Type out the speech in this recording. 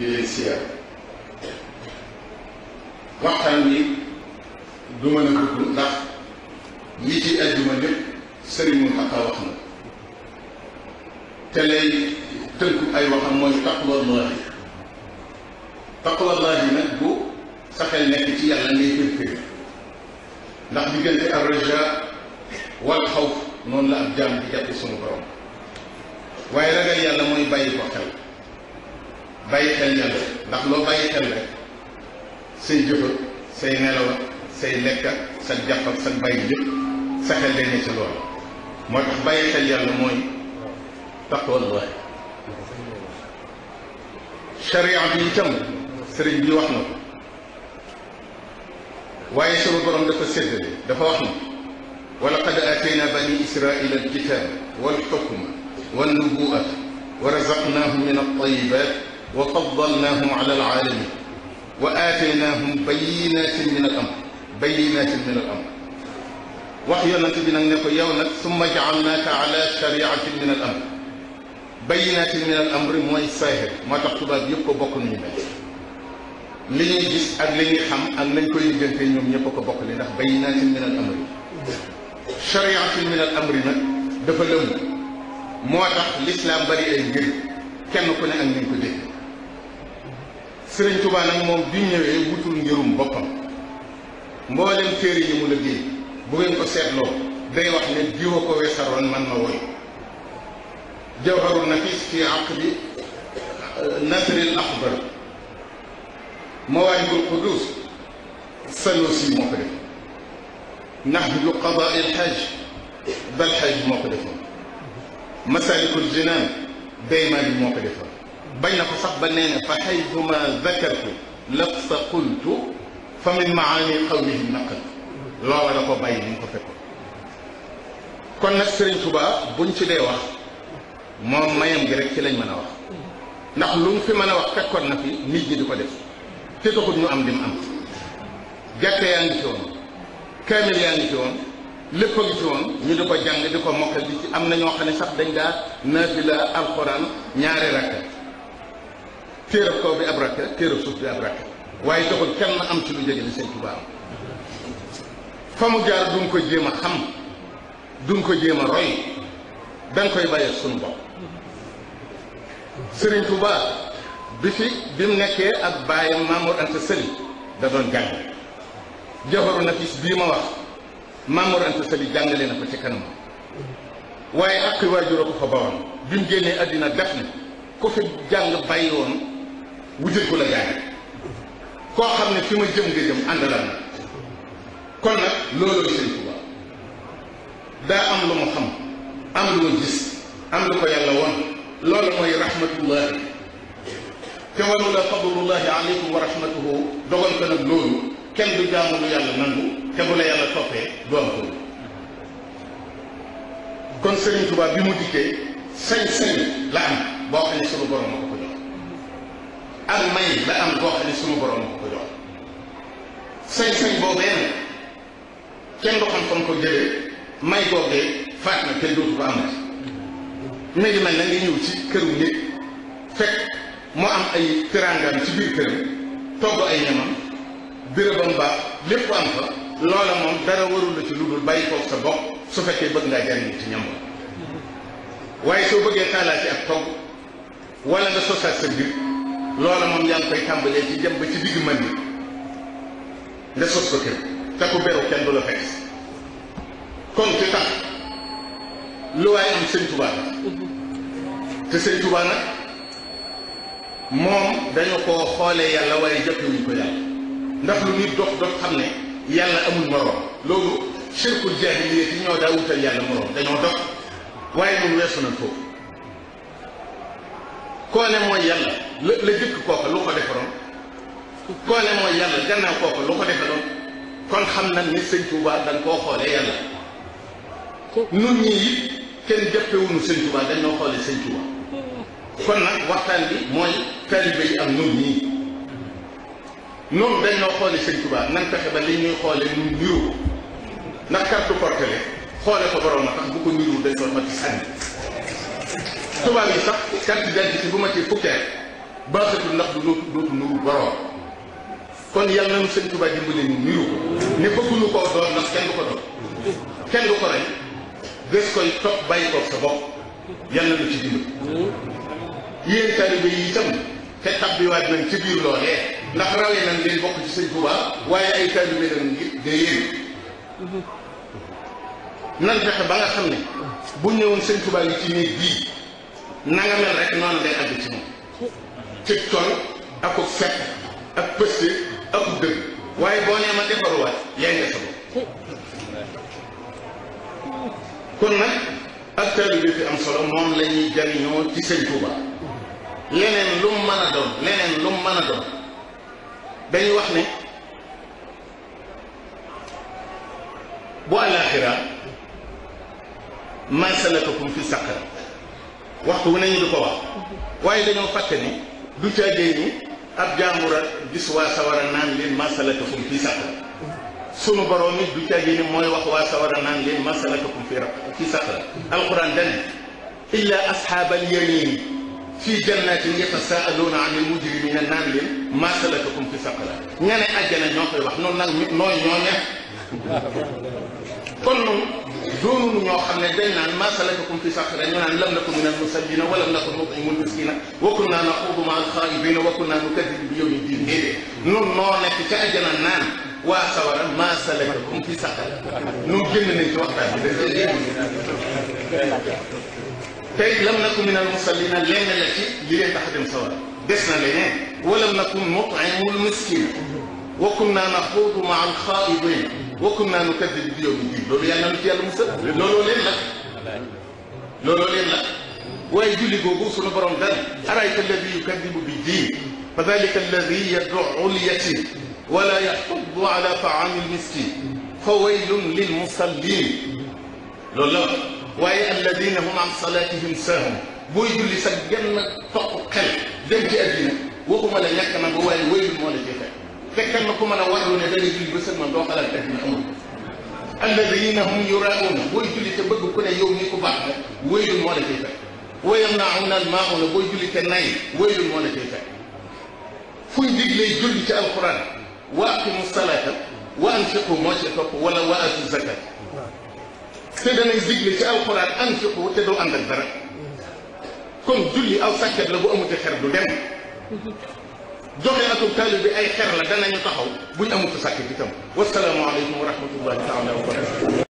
di leen siyaar waxtaan wi du mën a gudd ndax li ci àjjuma lépp sëriñ Mountakha wax na te lay tënku ay waxam mooy taqwallahi bu sa xel nekk ci yàlla ngay kër ndax diggante arraja wal xawf noonu la ab jaam di jàpp sunu borom waaye ragal yàlla mooy bàyyi ko bàyyi xel yàlla ndax loo bàyyi xel rek say jëfa say nelaw say lekk sa jàpp ak sa bàyyi jëf sa xel day ne ci loolu moo tax bàyyi xel yàlla mooy taqwallah sharia bi itam sëriñ bi wax na ko waaye sama borom dafa séddale dafa wax na wa laqad aatayna bani israila alkitaba walxukma wannubuata wa razaqnahum min altayibat وفضلناهم على العالمين واتيناهم بينات من الامر بينات من الامر وحي نتبنا نقول ثم جعلناك على شريعه من الامر بينات من الامر موي ساهل ما تقصد يبقى بوك نيبال لي جيس اك لي خام اك نانكو يجنتي نيوم نيبا كو بوك لي ناخ بينات من الامر شريعه من الامر نا دا فا لم موتاخ الاسلام بري اي غير كين كو ني اك نانكو ديك sëriñ Tuubaa nag moom bi ñëwee wutul njërum boppam mboolem téere yi mu liggéey bu ngeen ko seetloo day wax ne diwa ko weesaroon man ma woy jawharul nafis fi aqdi nasril axbar mawaahibul qudus sanusi moo ko def nahju qadail xaj bal xaj moo ko defoon masalikul jinaan daymaan bi moo ko defoon bañ na ko sax ba nee na fa xaytuma zakartu sa qultu fa min maani qawlihim naqal loola la ko bàyyi ni ko fekkoon kon nag Sëriñ Tuubaa buñ ci dee wax moom mayam gi rek ci lañ mën a wax ndax lu mu fi mën a wax fekkoon na fi nit ñi di ko def te taxut ñu am dim am jàkka yaa ngi ci woon kaamil yaa ngi ci woon lépp a ngi ci woon ñu di ko jàng di ko mokkal di ci am na ñoo xam ne sax dañ daa naafila alxuraan ñaari rakka téerab kaw bi ab rakk la téerab bi ab waaye taxul kenn am ci lu jege li sëñ Tuubaa fa mu jaar duñ ko jéem a xam duñ ko jéem a roy danga koy bàyyi suñu bopp sëriñ Tuubaa bi fi bi mu nekkee ak bàyyam Mamour Anta Sali da doon jàng jafaru nafis bii ma wax Mamour Anta Sali jàngale na ko ci kanam waaye ak waajur a ko fa bawoon bi mu génnee àddina def ne ku fi jàng bàyyi woon wutal ku la jaay koo xam ne fi ma jëm nga jëm àndalal na kon nag looloo Sëriñ Tuuba daa am lu mu xam am lu mu gis am lu ko yàlla won loolu mooy rahmatullahi te waru la fadlullahi aleykum wa rahmatuhu dogal ko nag loolu kenn du jaamu lu yàlla nangu te bu la yàlla toppee du am ko kon Sëriñ Tuuba bi mu dikkee sañ-sañ la am boo xam ne sunu borom a ko ak may la am boo xam ne sunu borom moo ko jox sañ-sañ boobee nag kenn du xam kon ko jëlee may boobee faat na kenn dootu ko amati mi ngi mel na nga ñëw ci këru nit fekk moo am ay teraangaam ci biir këram togg ay ñamam bérébam baax lépp am fa loola moom dara warul la ci lu dul bàyyi koog sa bopp su fekkee bëgg ngaa jariñu ci ñam waaye soo bëggee xaalaa ci ak togg wala nga sosaat sa biir loola moom yaa ngi koy tàmbalee ci dem ba ci digg mën bi nga sos ko kër te ku beru kenn du la fekk kon ci tax lu waay am sëñ Tuubaa te sëñ Tuubaa moom dañu koo xoolee yàlla waaye jëppewuñ ko yàlla ndax lu nit dox dox xam ne yàlla amul moroom loolu shirkul jaahiliya yi ñoo daa wutal yàlla moroom dañoo dox waaye ñun weesu nañ foofu koo ne mooy yàlla la la jëkk kooka lu ko defaroon koole mooy yàlla gannaaw kooka lu ko doon kon xam na ni sëñ Tuubaa dañ koo xoolee yàlla nun ñi yi kenn jàppewuñu sëñ Tuubaa dañ noo xoolee sëñ Tuubaa waxtaan bi mooy taalibe yi am nun noonu dañ noo xoolee sëñ Tuubaa nan fexe ba li ñuy xoole nun niru ndax carte portele xoole ko borom na tax bu ko niru dañ doon ma ci sànni tubaab yi sax carte d'identité bu ma ci fukkee baaxatul ndax du dootu dootu nuru borom kon yàlla na sëñ Tuubaa dimbale ñu nuyu ko ne bëgguñu koo doon ndax kenn du ko doon kenn du ko rey gës koy topp bàyyi ko sa bopp yàlla na ci dimbali yéen taalibe yi itam te tabbiwaat nañ ci biir loolee ndax rawee nañ leen bokk ci sëñ Tuubaa waaye ay taalibe lañ de yéen nan fexe ba nga xam ne bu ñëwoon sëñ Tuubaa ngi ci néeg bii na mel rek noonu lay àgg ci moom تكتون أكو فت أكبسي أكو دم واي بوني ما تفروا يعني سبب كنا أكتر بيت أم سلام مام لني جاني يوم تسين كوبا لين لوم ما ندم لين لوم ما ندم بني وحنا بوا الآخرة ما سلككم في سكر وقت ونيجي بقوة وايد نوفتني du caggee ni ab jàmbur ak gis waa sawara naan leen masalakakum fii saqar sunu borom it du caggee ni mooy wax waa sawara naan leen masalakakum fii raq fii saqar alquran dane illa ashaabal yamin fii jannatin yatasaaluuna an il mujrimina naan leen masalakakum fii saqar ña ne àjjana ñoo koy wax noonu nag nooy ñoo ñeex kon noonu doonuñu ñoo xam ne dañ naan maa salakakum fi saqar ñu naan lam naku min al musallina wa lam naku nut'imu al miskina wa kunna naxuudu ma al xaa'ibina wa kunna nukadibu bi yawmi diin déedéet nun noo nekk ca ajana naan waa sawara maa salakakum fi saqar nun génn nañ ci waxtaan bi tey lam naku min al musallina lenn la ci li leen tax a dem sawara des na leneen wa lam naku nut'imu al miskina وكنا نخوض مع الخائضين وكنا نكذب بيوم الدين لولو يالنا نتي يالا موسى لولو لين لا لولو لين لا واي جولي غوغو سونو بروم دال ارايت الذي يكذب بالدين فذلك الذي يدع اليتيم ولا يحض على طعام المسكين فويل للمصلين لولو وي الذين هم عن صلاتهم ساهم بوي لي سجلنا فقط خل دم جي ادينا وكما لا يكن ويل مولا جي fekkal na ku mën a warlu ne dana julli ba sëlmal doo xalaat def na amul alladina hum yurauna booy julli te bëgg ku ne yow ni ku baax la wéyul moo la cay fekk wéyam naa am naan maa una booy julli te nay wéyul moo la cay fekk fuñ diglee julli ci alquran wa aqimu salata wa anfiqu moo ci topp wala wa atu zakat te danay digle ci alquran anfiqu te doo ànd ak dara kon julli aw sàkkat la bu amute xer du dem جوري اتو بأي خير لا دا نيو تاخاو بو والسلام عليكم ورحمه الله تعالى وبركاته